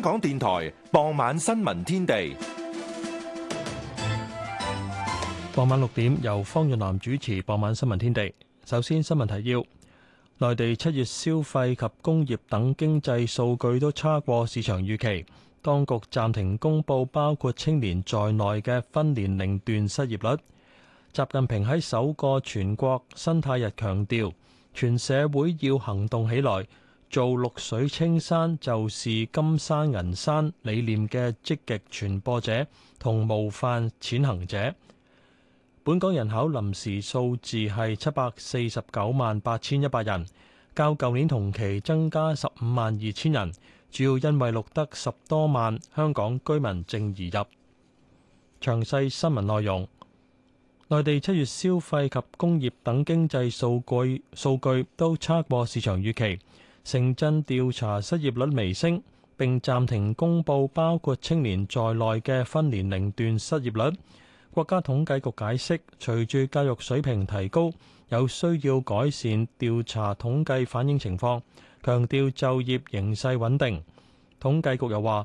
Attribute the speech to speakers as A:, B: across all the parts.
A: 香港
B: 電台傍晚新聞天地，傍晚六點由方若男主持。傍晚新聞天地，首先新聞提要：內地七月消費及工業等經濟數據都差過市場預期，當局暫停公布包括青年在內嘅分年齡段失業率。習近平喺首個全國生態日強調，全社會要行動起來。做綠水青山就是金山銀山理念嘅積極傳播者同模範踐行者。本港人口臨時數字係七百四十九萬八千一百人，較舊年同期增加十五萬二千人，主要因為錄得十多萬香港居民淨移入。詳細新聞內容，內地七月消費及工業等經濟數據數據都差過市場預期。城鎮調查失業率微升，並暫停公佈包括青年在內嘅分年齡段失業率。國家統計局解釋，隨住教育水平提高，有需要改善調查統計反映情況。強調就業形勢穩定。統計局又話，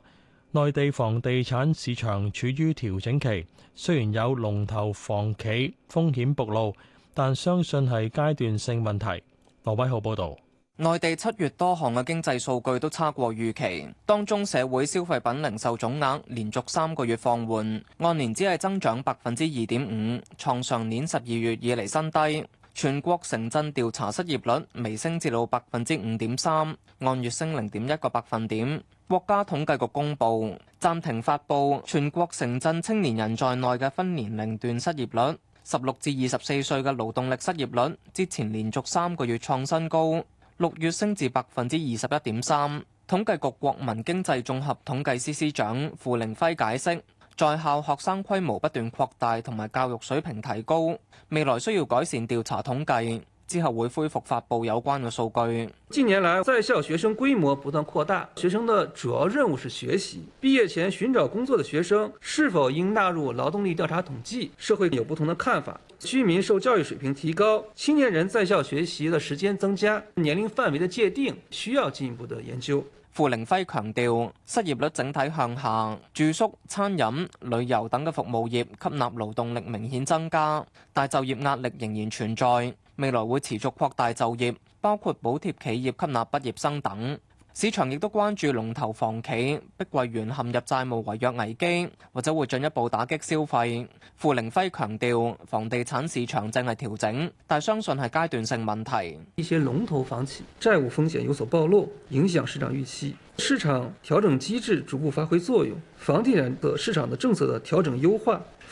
B: 內地房地產市場處於調整期，雖然有龍頭房企風險暴露，但相信係階段性問題。羅偉浩報導。
C: 內地七月多項嘅經濟數據都差過預期，當中社會消費品零售總額連續三個月放緩，按年只係增長百分之二點五，創上年十二月以嚟新低。全國城鎮調查失業率微升至到百分之五點三，按月升零點一個百分點。國家統計局公布，暫停發布全國城鎮青年人在內嘅分年齡段失業率，十六至二十四歲嘅勞動力失業率，之前連續三個月創新高。六月升至百分之二十一點三。統計局國民經濟綜合統計司司長付凌暉解釋：在校學生規模不斷擴大同埋教育水平提高，未來需要改善調查統計，之後會恢復發佈有關嘅數據。
D: 近年來在校學生規模不斷擴大，學生的主要任務是學習。畢業前尋找工作的學生是否應納入勞動力調查統計？社會有不同的看法。居民受教育水平提高，青年人在校學習的時間增加，年齡範圍的界定需要進一步的研究。傅凌輝強調，失業率
C: 整體向下，住宿、餐飲、旅遊等嘅服務業吸納勞動力明顯增加，但就業壓力仍然存在。未來會持續擴大就業，包括補貼企業吸納畢業生等。市場亦都關注龍頭房企碧桂園陷入債務違約危機，或者會進一步打擊消費。傅凌輝強調，房地產市場正係調整，但相信係階段性問題。
D: 一些龍頭房企債務風險有所暴露，影響市場預期。市場調整機制逐步發揮作用，房地產的市場的政策的調整優化。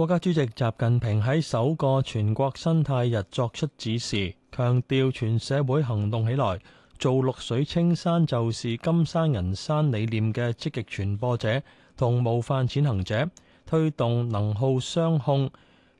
B: 國家主席習近平喺首個全國生態日作出指示，強調全社會行動起來，做綠水青山就是金山銀山理念嘅積極傳播者同模範踐行者，推動能耗雙控，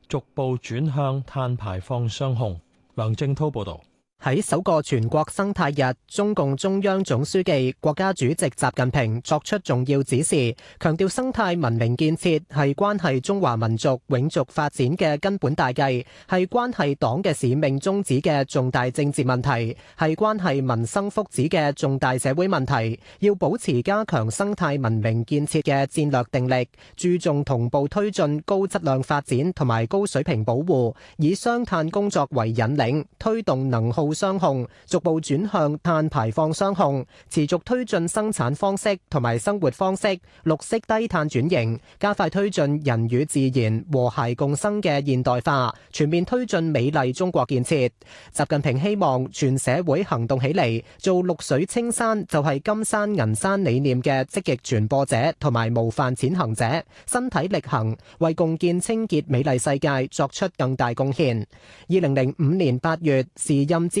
B: 逐步轉向碳排放雙控。梁正滔報導。
E: 喺首個全國生態日，中共中央總書記、國家主席習近平作出重要指示，強調生態文明建設係關係中華民族永續發展嘅根本大計，係關係黨嘅使命宗旨嘅重大政治問題，係關係民生福祉嘅重大社會問題，要保持加強生態文明建設嘅戰略定力，注重同步推進高質量發展同埋高水平保護，以雙碳工作為引領，推動能耗。雙控逐步轉向碳排放雙控，持續推進生產方式同埋生活方式綠色低碳轉型，加快推進人與自然和諧共生嘅現代化，全面推進美麗中國建設。習近平希望全社會行動起嚟，做綠水青山就係金山銀山理念嘅積極傳播者同埋模範踐行者，身體力行，為共建清潔美麗世界作出更大貢獻。二零零五年八月，時任支。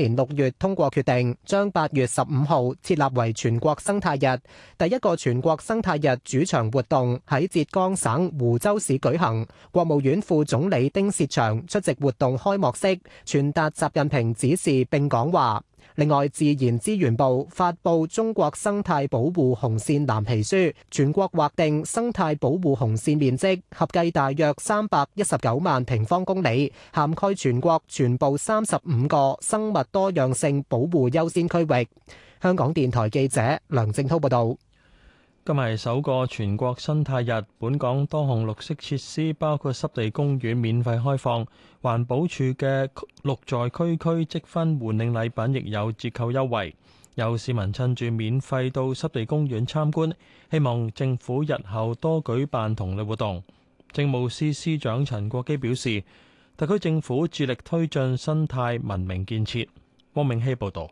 E: 年六月通過決定，將八月十五號設立為全國生態日。第一個全國生態日主場活動喺浙江省湖州市舉行，國務院副總理丁薛祥出席活動開幕式，傳達習近平指示並講話。另外，自然資源部發布《中國生態保護紅線藍皮書》，全國劃定生態保護紅線面積合計大約三百一十九萬平方公里，涵蓋全國全部三十五個生物多樣性保護優先區域。香港電台記者梁正濤報道。
B: 今日係首個全國生態日，本港多項綠色設施包括濕地公園免費開放，環保署嘅綠在區區積分換領禮品亦有折扣優惠。有市民趁住免費到濕地公園參觀，希望政府日後多舉辦同類活動。政務司司長陳國基表示，特區政府致力推進生態文明建設。汪明熙報道。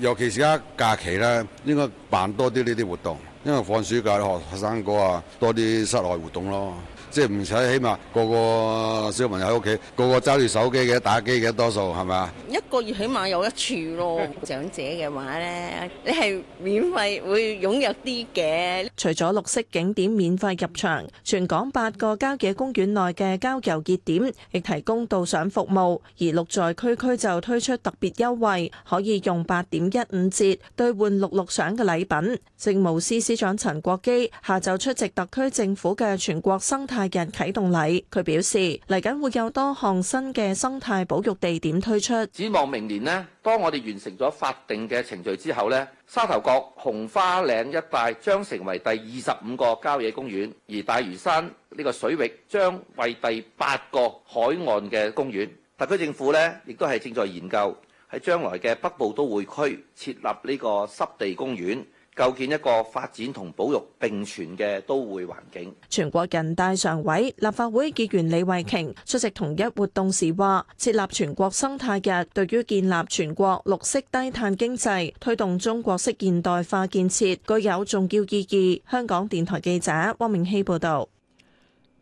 A: 尤其是而家假期咧，應該辦多啲呢啲活動，因為放暑假啲學學生哥啊，多啲室內活動咯。即係唔使，起碼個個小朋友喺屋企，個個揸住手機嘅、打機嘅多數，係咪啊？
F: 一個月起碼有一次咯。長者嘅話咧，你係免費會踴躍啲嘅。除咗綠色景點免費入場，全港八個郊野公園內嘅郊遊熱點亦提供導賞服務。而綠在區區就推出特別優惠，可以用八點一五折兌換綠綠賞嘅禮品。政務司司長陳國基下晝出席特區政府嘅全國生態日啟動禮，佢表示嚟緊會有多項新嘅生態保育地點推出，
A: 指望明年呢當我哋完成咗法定嘅程序之後呢沙頭角紅花嶺一帶將成為第二十五個郊野公園，而大嶼山呢個水域將為
G: 第八個海岸嘅公園。特區政府咧亦都係正在研究喺
A: 將來嘅北部都會區設立呢個濕地公園。構建一個發展同保育並存嘅都會環境。
F: 全國人大常委、立法會議員李慧瓊出席同一活動時話，設立全國生態日對於建立全國綠色低碳經濟、推動中國式現代化建設具有重要意義。香港電台記者汪明希報導。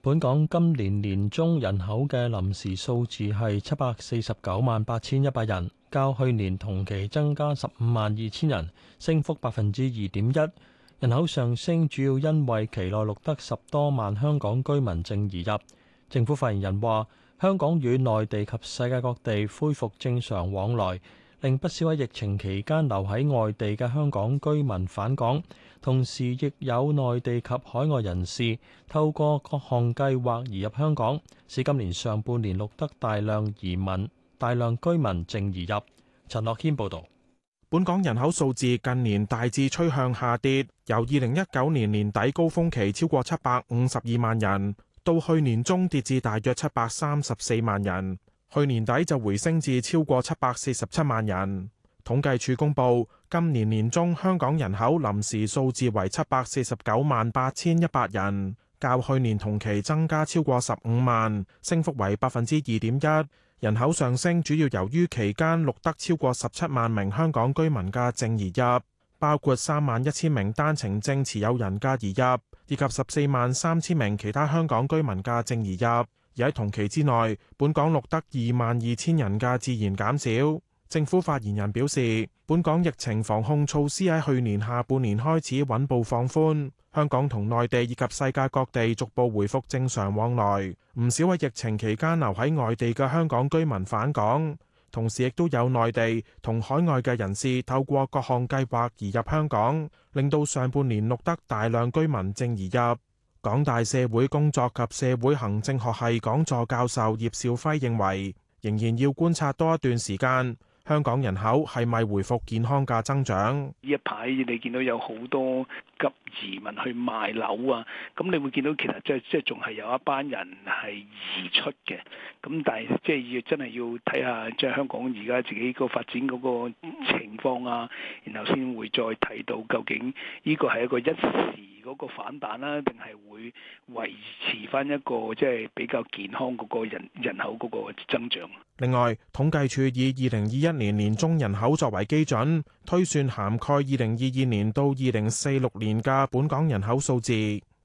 B: 本港今年年中人口嘅臨時數字係七百四十九萬八千一百人。較去年同期增加十五萬二千人，升幅百分之二點一。人口上升主要因為期內錄得十多萬香港居民淨移入。政府發言人話：香港與內地及世界各地恢復正常往來，令不少喺疫情期間留喺外地嘅香港居民返港，同時亦有內地及海外人士透過各項計劃移入香港，使今年上半年錄得大量移民。大量居民正移入。
H: 陳樂謙報道，本港人口數字近年大致趨向下跌，由二零一九年年底高峰期超過七百五十二萬人，到去年中跌至大約七百三十四萬人，去年底就回升至超過七百四十七萬人。統計處公佈，今年年中香港人口臨時數字為七百四十九萬八千一百人，較去年同期增加超過十五萬，升幅為百分之二點一。人口上升主要由於期間錄得超過十七萬名香港居民嘅淨而入，包括三萬一千名單程證持有人嘅而入，以及十四萬三千名其他香港居民嘅淨而入。而喺同期之內，本港錄得二萬二千人嘅自然減少。政府發言人表示，本港疫情防控措施喺去年下半年開始穩步放寬，香港同內地以及世界各地逐步回復正常往來。唔少喺疫情期間留喺外地嘅香港居民返港，同時亦都有內地同海外嘅人士透過各項計劃移入香港，令到上半年錄得大量居民淨移入。港大社會工作及社會行政學系講座教授葉兆輝認為，仍然要觀察多一段時間。香港人口係咪回復健康嘅增長？
I: 呢一排你見到有好多急移民去賣樓啊，咁你會見到其實即係即係仲係有一班人係移出嘅，咁但係即係要真係要睇下即係香港而家自己個發展嗰個情況啊，然後先會再睇到究竟呢個係一個一時。嗰個反彈啦，定係會維持翻一個即係比較健康嗰個人人口嗰個增長。
H: 另外，統計處以二零二一年年中人口作為基準，推算涵蓋二零二二年到二零四六年嘅本港人口數字。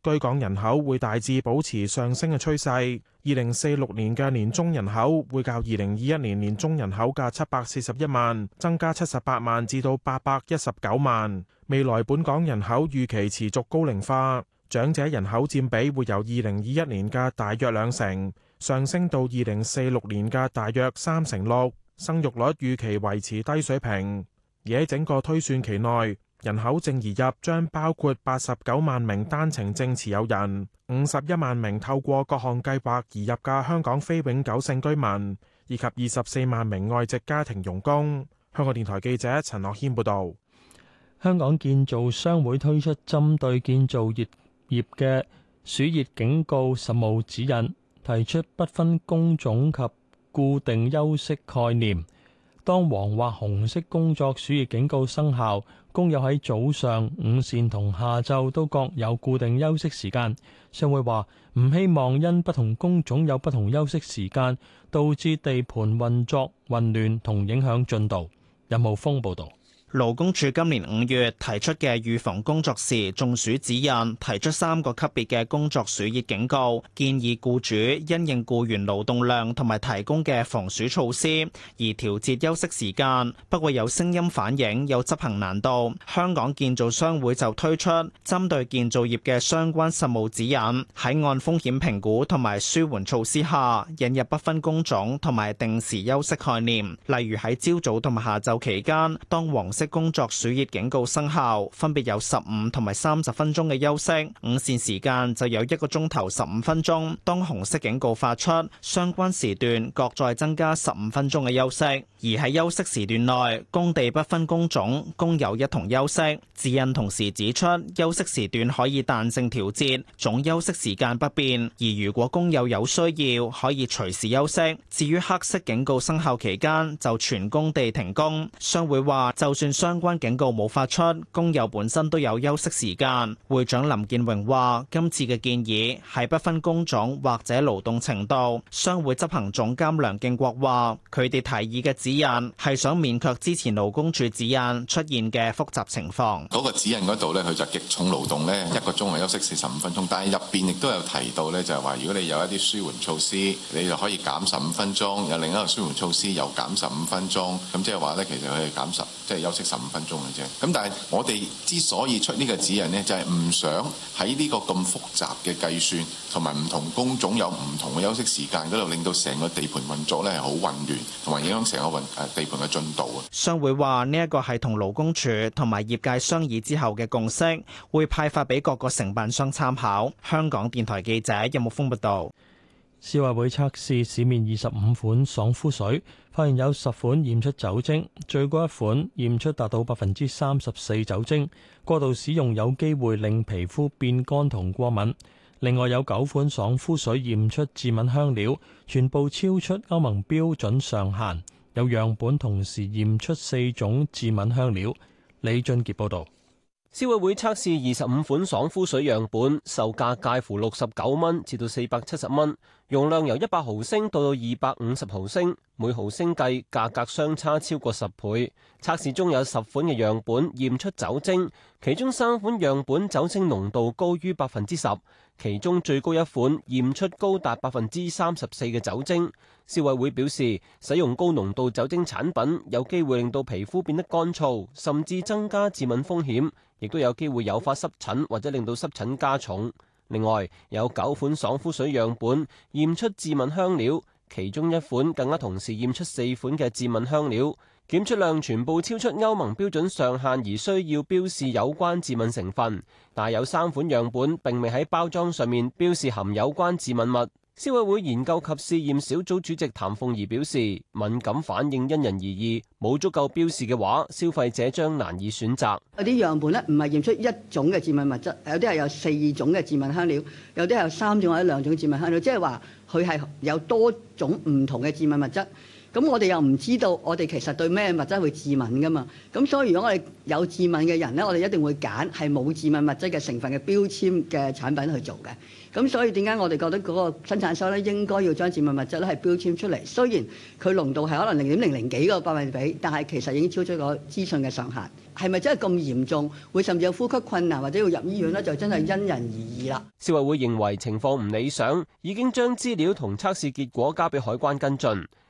H: 居港人口會大致保持上升嘅趨勢。二零四六年嘅年中人口會較二零二一年年中人口嘅七百四十一萬增加七十八萬，至到八百一十九萬。未來本港人口預期持續高齡化，長者人口佔比會由二零二一年嘅大約兩成上升到二零四六年嘅大約三成六。生育率預期維持低水平，而喺整個推算期內，人口淨移入將包括八十九萬名單程證持有人、五十一萬名透過各項計劃移入嘅香港非永久性居民，以及二十四萬名外籍家庭傭工。香港電台記者陳樂謙報道。
B: 香港建造商會推出針對建造業業嘅暑熱警告實務指引，提出不分工種及固定休息概念。當黃或紅色工作暑熱警告生效，工友喺早上、午膳同下晝都各有固定休息時間。商會話唔希望因不同工種有不同休息時間，導致地盤運作混亂同影響進度。
G: 任浩峰報道。勞工處今年五月提出嘅預防工作時中暑指引，提出三個級別嘅工作暑熱警告，建議雇主因應雇員勞動量同埋提供嘅防暑措施而調節休息時間。不過有聲音反映有執行難度。香港建造商會就推出針對建造業嘅相關實務指引，喺按風險評估同埋舒緩措施下，引入不分工種同埋定時休息概念，例如喺朝早同埋下晝期間，當黃即工作暑熱警告生效，分別有十五同埋三十分鐘嘅休息，午膳時間就有一個鐘頭十五分鐘。當紅色警告發出，相關時段各再增加十五分鐘嘅休息。而喺休息時段內，工地不分工種，工友一同休息。指引同時指出，休息時段可以彈性調節，總休息時間不變。而如果工友有需要，可以隨時休息。至於黑色警告生效期間，就全工地停工。商會話，就算相關警告冇發出，工友本身都有休息時間。會長林建榮話：今次嘅建議係不分工種或者勞動程度。商會執行總監梁敬國話：佢哋提議嘅指引係想勉強之前勞工處指引出現嘅複雜情況。
A: 嗰個指引嗰度呢，佢就極重勞動呢一個鐘係休息四十五分鐘，但係入邊亦都有提到呢，就係話如果你有一啲舒緩措施，你就可以減十五分鐘；有另一個舒緩措施又減十五分鐘。咁即係話呢，其實可以減十，即係有。十五分鐘嘅啫，咁但係我哋之所以出呢個指引呢，就係唔想喺呢個咁複雜嘅計算同埋唔同工種有唔同嘅休息時間嗰度，令到成個地盤運作咧係好混亂，同埋影響成個運誒地盤嘅進度啊。
G: 商會話呢一個係同勞工處同埋業界商議之後嘅共識，會派發俾各個承辦商參考。香港電台記者任木峯報道。消
B: 委會，會測試市面二十五款爽膚水，發現有十款驗出酒精，最高一款驗出達到百分之三十四酒精，過度使用有機會令皮膚變乾同過敏。另外有九款爽膚水驗出致敏香料，全部超出歐盟標準上限。有樣本同時驗出四種致敏香料。李俊傑報道。
J: 消委會測試二十五款爽膚水樣本，售價介乎六十九蚊至到四百七十蚊，容量由一百毫升到到二百五十毫升，每毫升計價格相差超過十倍。測試中有十款嘅樣本驗出酒精，其中三款樣本酒精濃度高於百分之十。其中最高一款驗出高達百分之三十四嘅酒精。消委會表示，使用高濃度酒精產品有機會令到皮膚變得乾燥，甚至增加致敏風險，亦都有機會誘發濕疹或者令到濕疹加重。另外，有九款爽膚水樣本驗出致敏香料，其中一款更加同時驗出四款嘅致敏香料。檢出量全部超出歐盟標準上限而需要標示有關致敏成分，但有三款樣本並未喺包裝上面標示含有關致敏物。消委會研究及試驗小組主席譚鳳儀表示，敏感反應因人而異，冇足夠標示嘅話，消費者將難以選擇。
K: 有啲樣本咧唔係驗出一種嘅致敏物質，有啲係有四種嘅致敏香料，有啲係有三種或者兩種致敏香料，即係話佢係有多種唔同嘅致敏物質。咁我哋又唔知道，我哋其實對咩物質會致敏噶嘛？咁所以，如果我哋有致敏嘅人咧，我哋一定會揀係冇致敏物質嘅成分嘅標籤嘅產品去做嘅。咁所以點解我哋覺得嗰個生產商咧應該要將致敏物質咧係標籤出嚟？雖然佢濃度係可能零點零零幾個百分比，但係其實已經超出咗個資訊嘅上限。係咪真係咁嚴重？會甚至有呼吸困難或者要入醫院咧？就真係因人而異啦。
J: 消委會認為情況唔理想，已經將資料同測試結果交俾海關跟進。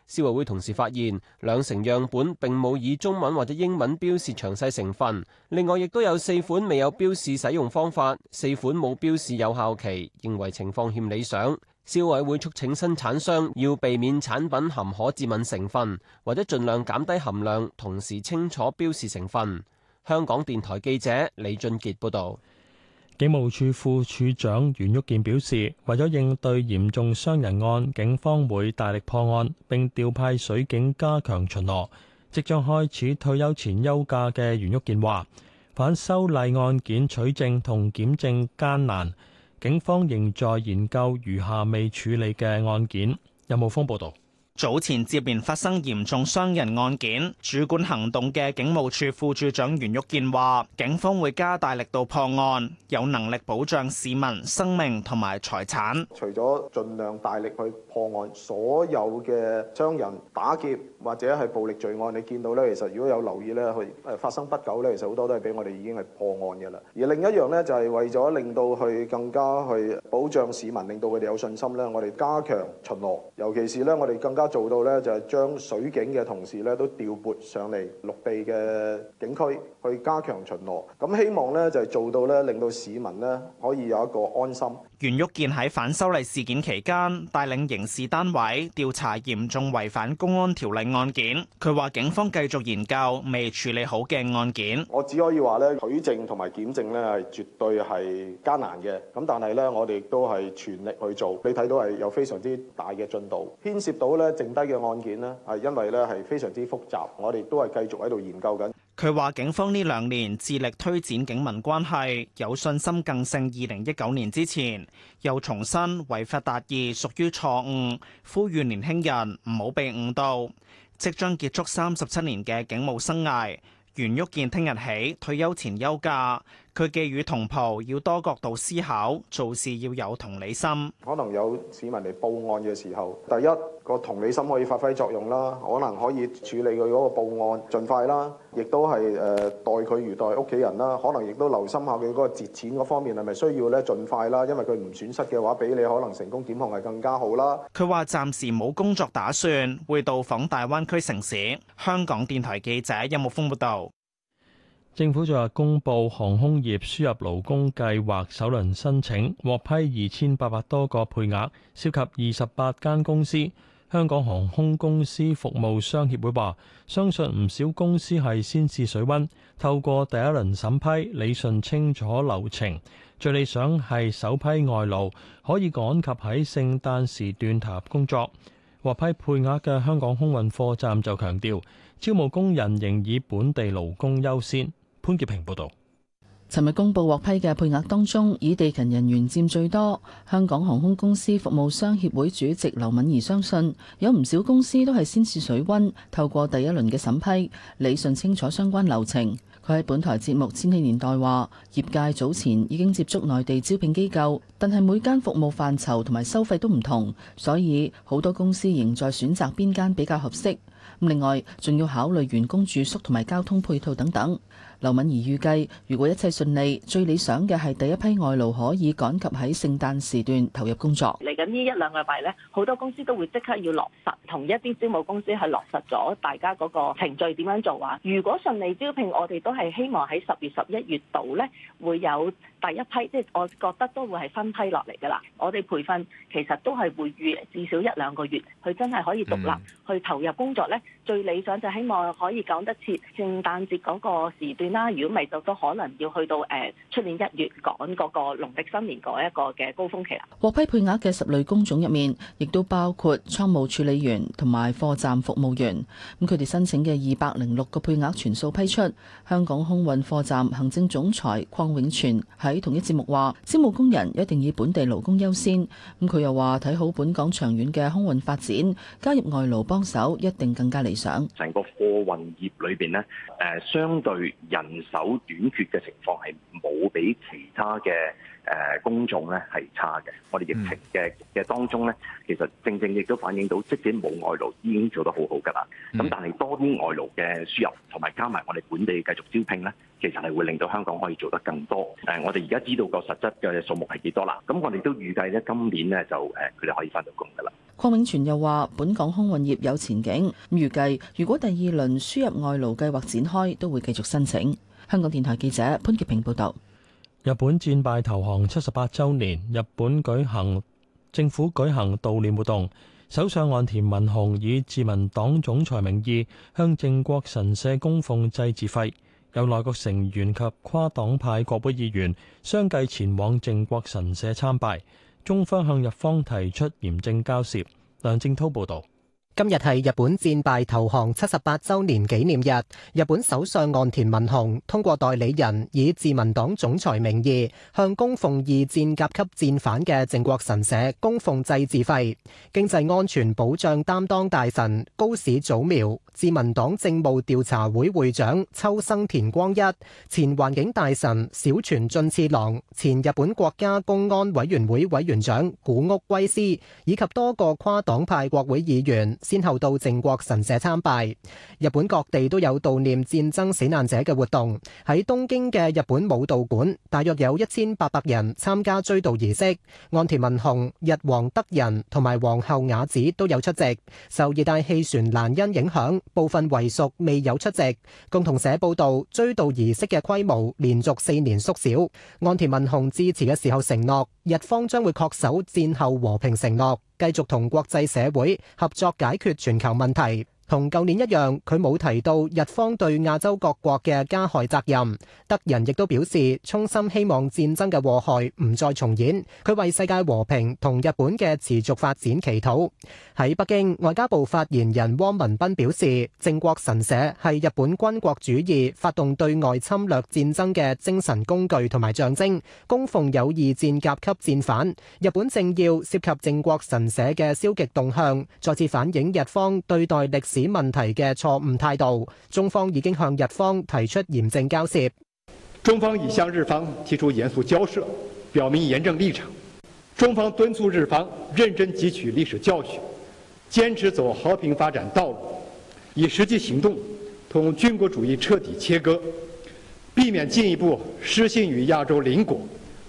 J: 消委會同時發現，兩成樣本並冇以中文或者英文標示詳細成分，另外亦都有四款未有標示使用方法，四款冇標示有效期，認為情況欠理想。消委會促請生產商要避免產品含可致敏成分，或者盡量減低含量，同時清楚標示成分。香港電台記者李俊杰報道。
B: 警務處副處長袁旭健表示，為咗應對嚴重傷人案，警方會大力破案，並調派水警加強巡邏。即將開始退休前休假嘅袁旭健話，反修例案件取證同檢證艱難，警方仍在研究餘下未處理嘅案件。任浩峰報道。
G: 早前接連發生嚴重傷人案件。主管行動嘅警務處副處長袁玉健話：警方會加大力度破案，有能力保障市民生命同埋財產。
A: 除咗盡量大力去破案，所有嘅傷人、打劫或者係暴力罪案，你見到咧，其實如果有留意咧，去誒發生不久咧，其實好多都係俾我哋已經係破案嘅啦。而另一樣咧，就係為咗令到去更加去保障市民，令到佢哋有信心咧，我哋加強巡邏，尤其是咧，我哋更加做到咧就係將水警嘅同事咧都調撥上嚟陸地嘅景區去加強巡邏。咁希望咧就係做到咧令到市民咧可以有一個安心。
G: 袁玉健喺反修例事件期間帶領刑事單位調查嚴重違反公安條例案件。佢話：警方繼續研究未處理好嘅案件。
A: 我只可以話咧，取證同埋檢證咧係絕對係艱難嘅。咁但係咧，我哋都係全力去做。你睇到係有非常之大嘅進度。牽涉到咧剩低嘅案件呢，係因為咧係非常之複雜，我哋都係繼續喺度研究緊。
G: 佢話：警方呢兩年致力推展警民關係，有信心更勝二零一九年之前。又重申違法達義屬於錯誤，呼籲年輕人唔好被誤導。即將結束三十七年嘅警務生涯，袁旭健聽日起退休前休假。佢寄語同袍，要多角度思考，做事要有同理心。
A: 可能有市民嚟報案嘅時候，第一個同理心可以發揮作用啦，可能可以處理佢嗰個報案盡快啦，亦都係誒待佢如待屋企人啦。可能亦都留心下佢嗰個節錢嗰方面係咪需要咧盡快啦，因為佢唔損失嘅話，比你可能成功檢控係更加好啦。佢話
G: 暫時冇工作打算，會到訪大灣區城市。香港電台記者音樂峯報道。
B: 政府昨日公布航空業輸入勞工計劃首輪申請獲批，二千八百多個配額，涉及二十八間公司。香港航空公司服務商協會話，相信唔少公司係先試水温，透過第一輪審批理順清楚流程。最理想係首批外勞可以趕及喺聖誕時段投入工作。獲批配額嘅香港空運貨站就強調，招募工人仍以本地勞工優先。潘潔平報道，
K: 尋日公布獲批嘅配額當中，以地勤人員佔最多。香港航空公司服務商協會主席劉敏儀相信，有唔少公司都係先試水温，透過第一輪嘅審批，理順清楚相關流程。佢喺本台節目《千禧年代》話，業界早前已經接觸內地招聘機構，但係每間服務範疇同埋收費都唔同，所以好多公司仍在選擇邊間比較合適。咁另外，仲要考慮員工住宿同埋交通配套等等。劉敏儀預計，如果一切順利，最理想嘅係第一批外勞可以趕及喺聖誕時段投入工作。嚟緊呢一兩個禮拜咧，好多公司都會即刻要落實，同一啲招募公司係落實咗大家嗰個程序點樣做啊。如果順利招聘，我哋都係希望喺十月十一月度咧會有第一批，即係我覺得都會係分批落嚟噶啦。我哋培訓其實都係會預至少一兩個月，佢真係可以獨立、嗯、去投入工作咧。最理想就希望可以講得切，聖誕節嗰個時段啦，如果未係就都可能要去到誒出年一月趕嗰個農曆新年嗰一個嘅高峰期啦。獲批配額嘅十類工種入面，亦都包括倉務處理員同埋貨站服務員，咁佢哋申請嘅二百零六個配額全數批出。香港空運貨站行政總裁鄺永全喺同一節目話，招募工人一定以本地勞工優先。咁佢又話睇好本港長遠嘅空運發展，加入外勞幫手一定更加理想。成
I: 個貨運業裏邊咧，誒、呃、相對人手短缺嘅情況係冇比其他嘅誒工種咧係差嘅。我哋疫情嘅嘅當中咧，其實正正亦都反映到即使冇外勞已經做得好好㗎喇。咁但係多啲外勞嘅輸入同埋加埋我哋本地繼續招聘咧，其實係會令到香港可以做得更多。誒、呃，我哋而家知道個實質嘅數目係幾多啦？咁我哋都預計咧今年咧就誒佢哋可以返到工㗎喇。
K: 鄺永泉又話：本港空運業有前景，預計如果第二輪輸入外勞計劃展開，都會繼續申請。香港電台記者潘潔平報導。
B: 日本戰敗投降七十八週年，日本舉行政府舉行悼念活動，首相岸田文雄以自民黨總裁名義向靖國神社供奉祭祀費，有內閣成員及跨黨派國會議員相繼前往靖國神社參拜。中方向日方提出嚴正交涉。
E: 梁正濤報道。今日係日本戰敗投降七十八周年紀念日，日本首相岸田文雄通過代理人以自民黨總裁名義，向供奉二戰甲級戰犯嘅靖國神社供奉祭祀費。經濟安全保障擔當大臣高市早苗、自民黨政務調查會會長萩生田光一、前環境大臣小泉進次郎、前日本國家公安委員會委員長古屋圭司，以及多個跨黨派國會議員，先後到靖國神社參拜，日本各地都有悼念戰爭死難者嘅活動。喺東京嘅日本武道館，大約有一千八百人參加追悼儀式。岸田文雄、日皇德仁同埋皇后雅子都有出席。受熱帶氣旋蘭恩影響，部分遺屬未有出席。共同社報道，追悼儀式嘅規模連續四年縮小。岸田文雄致辭嘅時候承諾，日方將會恪守戰後和平承諾，繼續同國際社會合作解決全球問題。同舊年一樣，佢冇提到日方對亞洲各國嘅加害責任。德仁亦都表示，衷心希望戰爭嘅禍害唔再重演。佢為世界和平同日本嘅持續發展祈禱。喺北京，外交部發言人汪文斌表示，靖國神社係日本軍國主義發動對外侵略戰爭嘅精神工具同埋象徵，供奉有二戰甲級戰犯。日本政要涉及靖國神社嘅消極動向，再次反映日方對待歷史此問題嘅錯誤態度，中方已經向日方提出嚴正交涉。
A: 中方已向日方提出嚴肅交涉，表明嚴正立場。中方敦促日方認真汲取歷史教訓，堅持走和平發展道路，以實際行動同軍國主義徹底切割，避免進一步失信於亞洲鄰國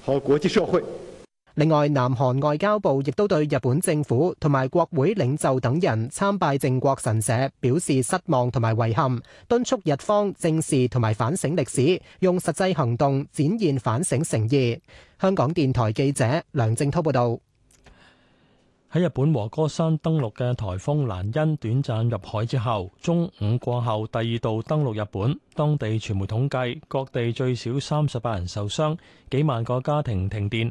A: 和國際社會。
E: 另外，南韓外交部亦都對日本政府同埋國會領袖等人參拜靖國神社表示失望同埋遺憾，敦促日方正視同埋反省歷史，用實際行動展現反省誠意。香港電台記者梁正濤報道：喺日本和歌山
B: 登陸嘅颱風蘭恩，短暫入海之後，中午過後第二度登陸日本。當地傳媒統計，各地最少三十八人受傷，幾萬個家庭停電。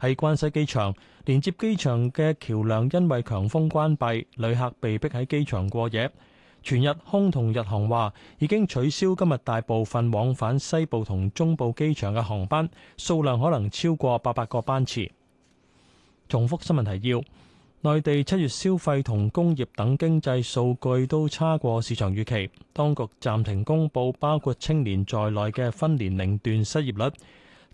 B: 喺關西機場連接機場嘅橋梁，因為強風關閉，旅客被迫喺機場過夜。全日空同日航話已經取消今日大部分往返西部同中部機場嘅航班，數量可能超過八百個班次。重複新聞提要：內地七月消費同工業等經濟數據都差過市場預期，當局暫停公佈包括青年在內嘅分年齡段失業率。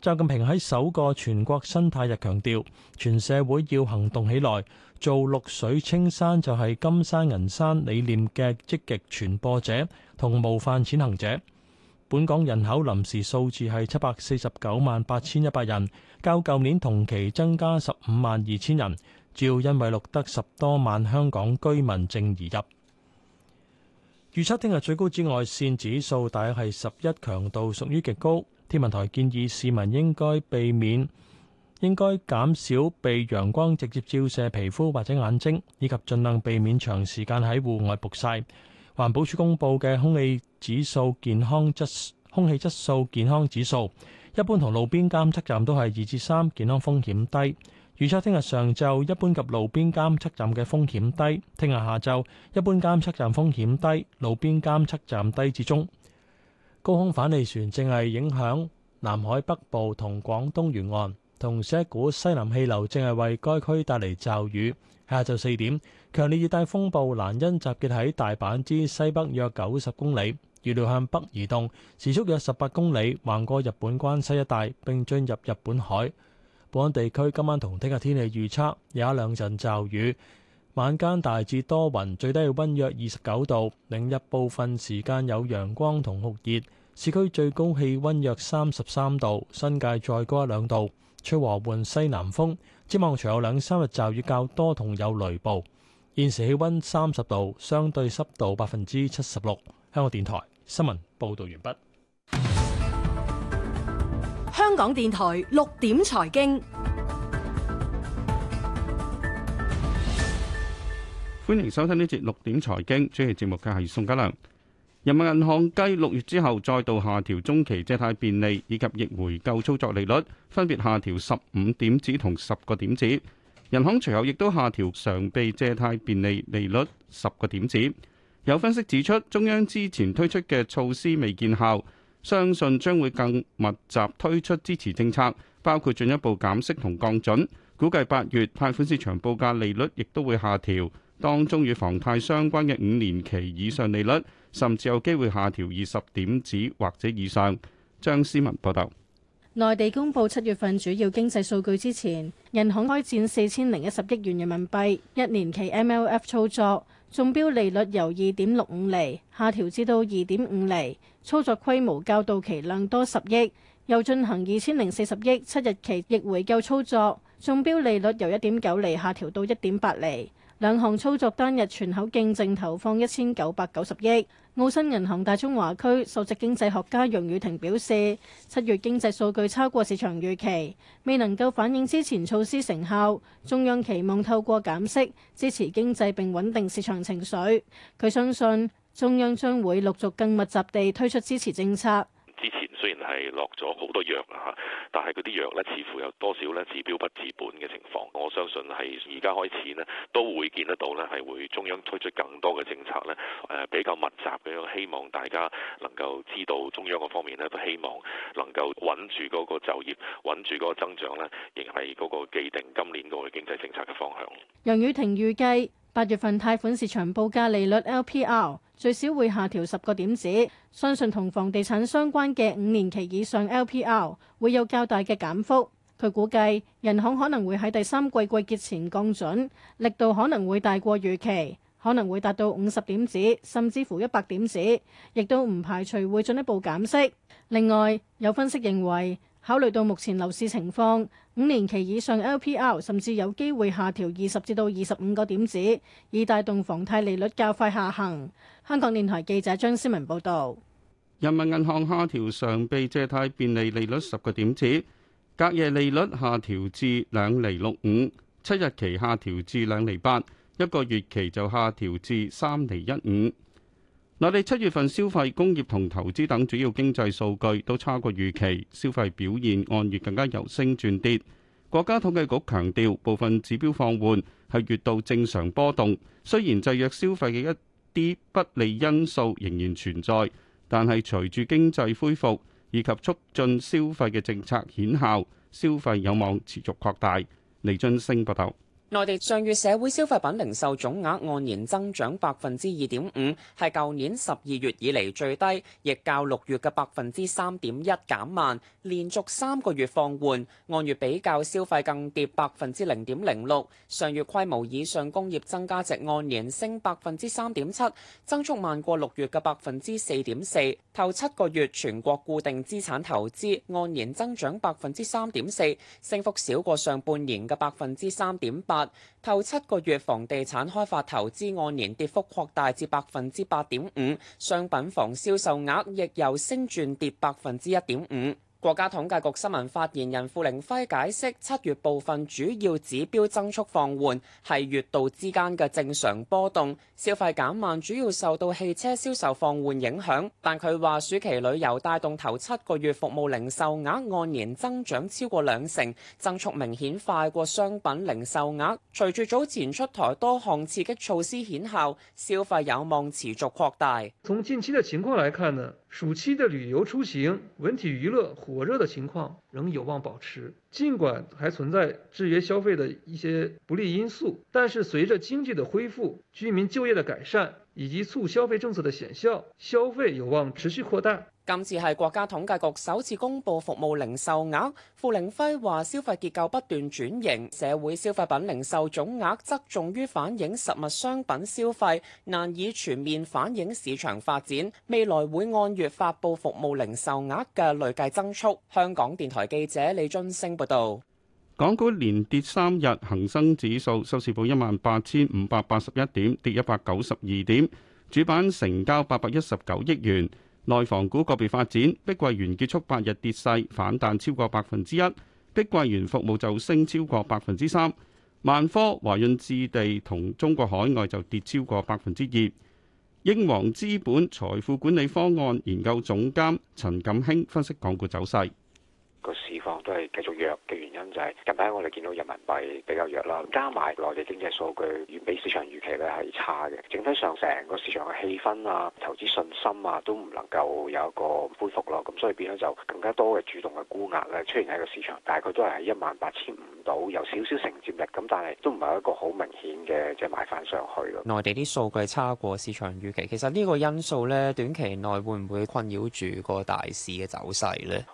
B: 習近平喺首個全國生態日強調，全社會要行動起來，做綠水青山就係金山銀山理念嘅積極傳播者同模範踐行者。本港人口臨時數字係七百四十九萬八千一百人，較舊年同期增加十五萬二千人，主要因為錄得十多萬香港居民證而入。預測聽日最高紫外線指數大約係十一，強度屬於極高。天文台建議市民應該避免、應該減少被陽光直接照射皮膚或者眼睛，以及盡量避免長時間喺戶外曝曬。環保署公布嘅空氣指數健康質、空氣質素健康指數，一般同路邊監測站都係二至三，健康風險低。預測聽日上晝一般及路邊監測站嘅風險低，聽日下晝一般監測站風險低，路邊監測站低至中。高空反氣旋正係影響南海北部同廣東沿岸，同時一股西南氣流正係為該區帶嚟驟雨。下晝四點，強烈熱帶風暴蘭恩集結喺大阪之西北約九十公里，預料向北移動，時速約十八公里，橫過日本關西一帶並進入日本海。本港地區今晚同聽日天氣預測有一兩陣驟雨。晚間大致多雲，最低氣溫約二十九度，明日部分時間有陽光同酷熱，市區最高氣溫約三十三度，新界再高一兩度，吹和緩西南風，展望除有兩三日驟雨較多同有雷暴，現時氣溫三十度，相對濕度百分之七十六。香港電台新聞報道完畢。
L: 香港電台六點財經。
M: 歡迎收聽呢節六點財經。主持節目嘅係宋家良。人民銀行繼六月之後再度下調中期借貸便利以及逆回購操作利率，分別下調十五點子同十個點子。銀行隨後亦都下調常備借貸便利利率十個點子。有分析指出，中央之前推出嘅措施未見效，相信將會更密集推出支持政策，包括進一步減息同降準。估計八月貸款市場報價利率亦都會下調。當中與房貸相關嘅五年期以上利率，甚至有機會下調二十點子或者以上。張思文報道。
L: 內地公佈七月份主要經濟數據之前，人行開展四千零一十億元人民幣一年期 MLF 操作，中標利率由二點六五厘下調至到二點五厘，操作規模較到期量多十億。又進行二千零四十億七日期逆回購操作，中標利率由一點九厘下調到一點八厘。兩項操作單日全口徑淨投放一千九百九十億。澳新銀行大中華區首席經濟學家楊宇婷表示，七月經濟數據超過市場預期，未能夠反映之前措施成效。中央期望透過減息支持經濟並穩定市場情緒。佢相信中央將會陸續更密集地推出支持政策。
M: 係落咗好多藥啦，但係嗰啲藥呢，似乎有多少呢，治標不治本嘅情況。我相信係而家開始呢，都會見得到呢，係會中央推出更多嘅政策呢，誒比較密集咁，希望大家能夠知道中央嗰方面呢，都希望能夠穩住嗰個就業、穩住嗰個增長呢，仍係嗰個既定今年嗰個經濟政策嘅方向。
L: 楊雨婷預計。八月份貸款市場報價利率 LPR 最少會下調十個點子，相信同房地產相關嘅五年期以上 LPR 會有較大嘅減幅。佢估計人行可能會喺第三季季結前降準，力度可能會大過預期，可能會達到五十點子，甚至乎一百點子，亦都唔排除會進一步減息。另外，有分析認為，考慮到目前樓市情況，五年期以上 LPR 甚至有機會下調二十至到二十五個點子，以帶動房貸利率較快下行。香港電台記者張思文報導。
M: 人民銀行下調常備借貸便利利率十個點子，隔夜利率下調至兩厘六五，5, 七日期下調至兩厘八，8, 一個月期就下調至三厘一五。內地七月份消費、工業同投資等主要經濟數據都差過預期，消費表現按月更加由升轉跌。國家統計局強調部分指標放緩，係月度正常波動，雖然制約消費嘅一啲不利因素仍然存在，但係隨住經濟恢復以及促進消費嘅政策顯效，消費有望持續擴大，李津星報道。
N: 內地上月社會消費品零售總額按年增長百分之二點五，係舊年十二月以嚟最低，亦較六月嘅百分之三點一減慢，連續三個月放緩。按月比較，消費更跌百分之零點零六。上月規模以上工業增加值按年升百分之三點七，增速慢過六月嘅百分之四點四。頭七個月全國固定資產投資按年增長百分之三點四，升幅少過上半年嘅百分之三點八。頭七個月，房地產開發投資按年跌幅擴大至百分之八點五，商品房銷售額亦由升轉跌百分之一點五。國家統計局新聞發言人付凌暉解釋，七月部分主要指標增速放緩係月度之間嘅正常波動。消費減慢主要受到汽車銷售放緩影響，但佢話暑期旅遊帶動頭七個月服務零售額按年增長超過兩成，增速明顯快過商品零售額。隨住早前出台多項刺激措施顯效，消費有望持續擴大。
D: 從近期嘅情況來看呢，暑期的旅遊出行、文體娛樂火熱的情況仍有望保持。盡管還存在制約消費的一些不利因素，但是隨着經濟的恢復、居民就業的改善以及促消費政策的顯效，消費有望持續擴大。今次係國家統計局
N: 首次公布服務零
D: 售額，傅凌輝話
N: 消費結構不斷轉型，社會消費品零售總額側重於反映實物商品消費難以全面反映市場發展。未來會按月發布服務零售額嘅累計增速。香港電台記者李俊勝。報道：
M: 港股連跌三日，恒生指數收市報一萬八千五百八十一點，跌一百九十二點，主板成交八百一十九億元。內房股個別發展，碧桂園結束八日跌勢，反彈超過百分之一；碧桂園服務就升超過百分之三，萬科、華潤置地同中國海外就跌超過百分之二。英皇資本財富管理方案研究總監陳錦興分析港股走勢。
I: 個市況都係繼續弱嘅原因就係近排我哋見到人民幣比較弱啦，加埋內地經濟數據遠比市場預期咧係差嘅，整體上成個市場嘅氣氛啊、投資信心啊都唔能夠有一個恢復咯，咁所以變咗就更加多嘅主動嘅沽壓咧出現喺個市場，大概都係喺一萬八千五到，有少少承接力，咁但係都唔係一個好明顯嘅即係買翻上去咯。
N: 內地啲數據差過市場預期，其實呢個因素咧短期內會唔會困擾住個大市嘅走勢咧？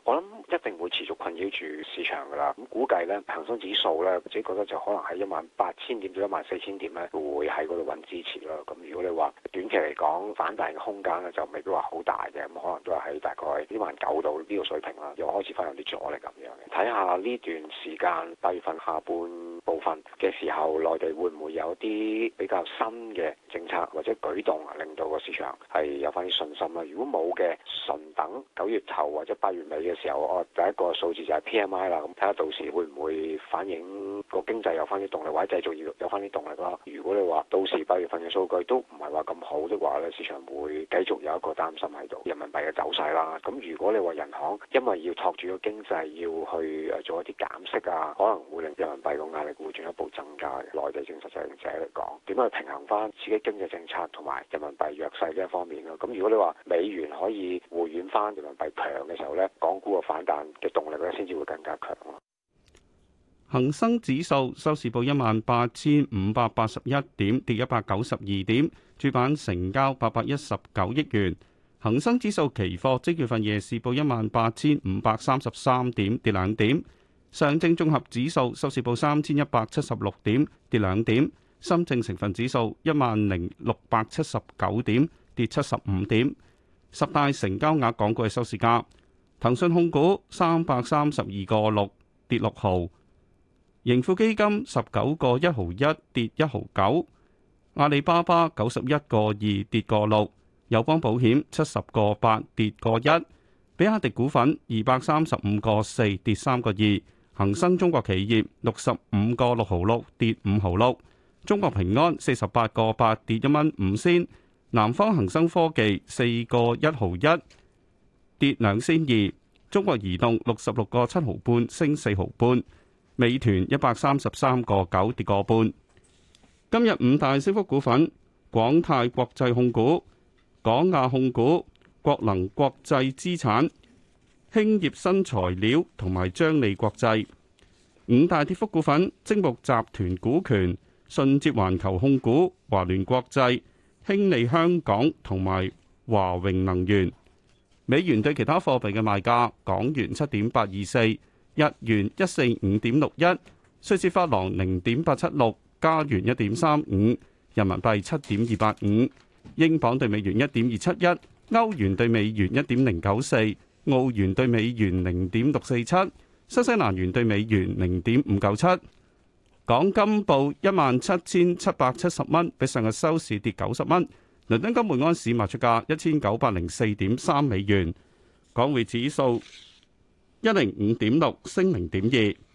I: 嘅啦，咁估計咧，恒生指數咧，我自己覺得就可能喺一萬八千點到一萬四千點咧，會喺嗰度揾支持咯。咁如果你話短期嚟講，反彈嘅空間咧，就未必話好大嘅，咁可能都係喺大概一萬九度呢個水平啦，又開始翻有啲阻力咁樣嘅。睇下呢段時間，八月份下半部分嘅時候，內地會唔會有啲比較新嘅政策或者舉動，令到個市場係有翻啲信心啊？如果冇嘅，純等九月頭或者八月尾嘅時候，我第一個數字就係 PMI 啦，咁睇下到時會唔會反映。個經濟有翻啲動力，或者繼續要有翻啲動力咯。如果你話到時八月份嘅數據都唔係話咁好嘅話咧，市場會繼續有一個擔心喺度，人民幣嘅走勢啦。咁如果你話銀行因為要托住個經濟，要去誒做一啲減息啊，可能會令人民幣個壓力會進一步增加嘅。內地政策制定者嚟講，點樣去平衡翻自己經濟政策同埋人民幣弱勢呢一方面咯？咁如果你話美元可以回軟翻，人民幣強嘅時候咧，港股嘅反彈嘅動力咧，先至會更加強咯。
M: 恒生指數收市報一萬八千五百八十一點，跌一百九十二點。主板成交八百一十九億元。恒生指數期貨即月份夜市報一萬八千五百三十三點，跌兩點。上證綜合指數收市報三千一百七十六點，跌兩點。深證成分指數一萬零六百七十九點，跌七十五點。十大成交額港股嘅收市價，騰訊控股三百三十二個六，跌六毫。盈富基金十九個一毫一跌一毫九，阿里巴巴九十一個二跌個六，友邦保險七十個八跌個一，比亞迪股份二百三十五個四跌三個二，恒生中國企業六十五個六毫六跌五毫六，中國平安四十八個八跌一蚊五仙，南方恒生科技四個一毫一跌兩仙二，中國移動六十六個七毫半升四毫半。美團一百三十三個九跌個半。今日五大升幅股份：廣泰國際控股、港亞控股、國能國際資產、興業新材料同埋張利國際。五大跌幅股份：晶幕集團股權、信捷環球控股、華聯國際、興利香港同埋華榮能源。美元對其他貨幣嘅賣價：港元七點八二四。日元一四五點六一，瑞士法郎零點八七六，加元一點三五，人民幣七點二八五，英鎊對美元一點二七一，歐元對美元一點零九四，澳元對美元零點六四七，新西蘭元對美元零點五九七。港金報一萬七千七百七十蚊，比上日收市跌九十蚊。倫敦金門安市賣出價一千九百零四點三美元。港匯指數。一零五點六升零點二。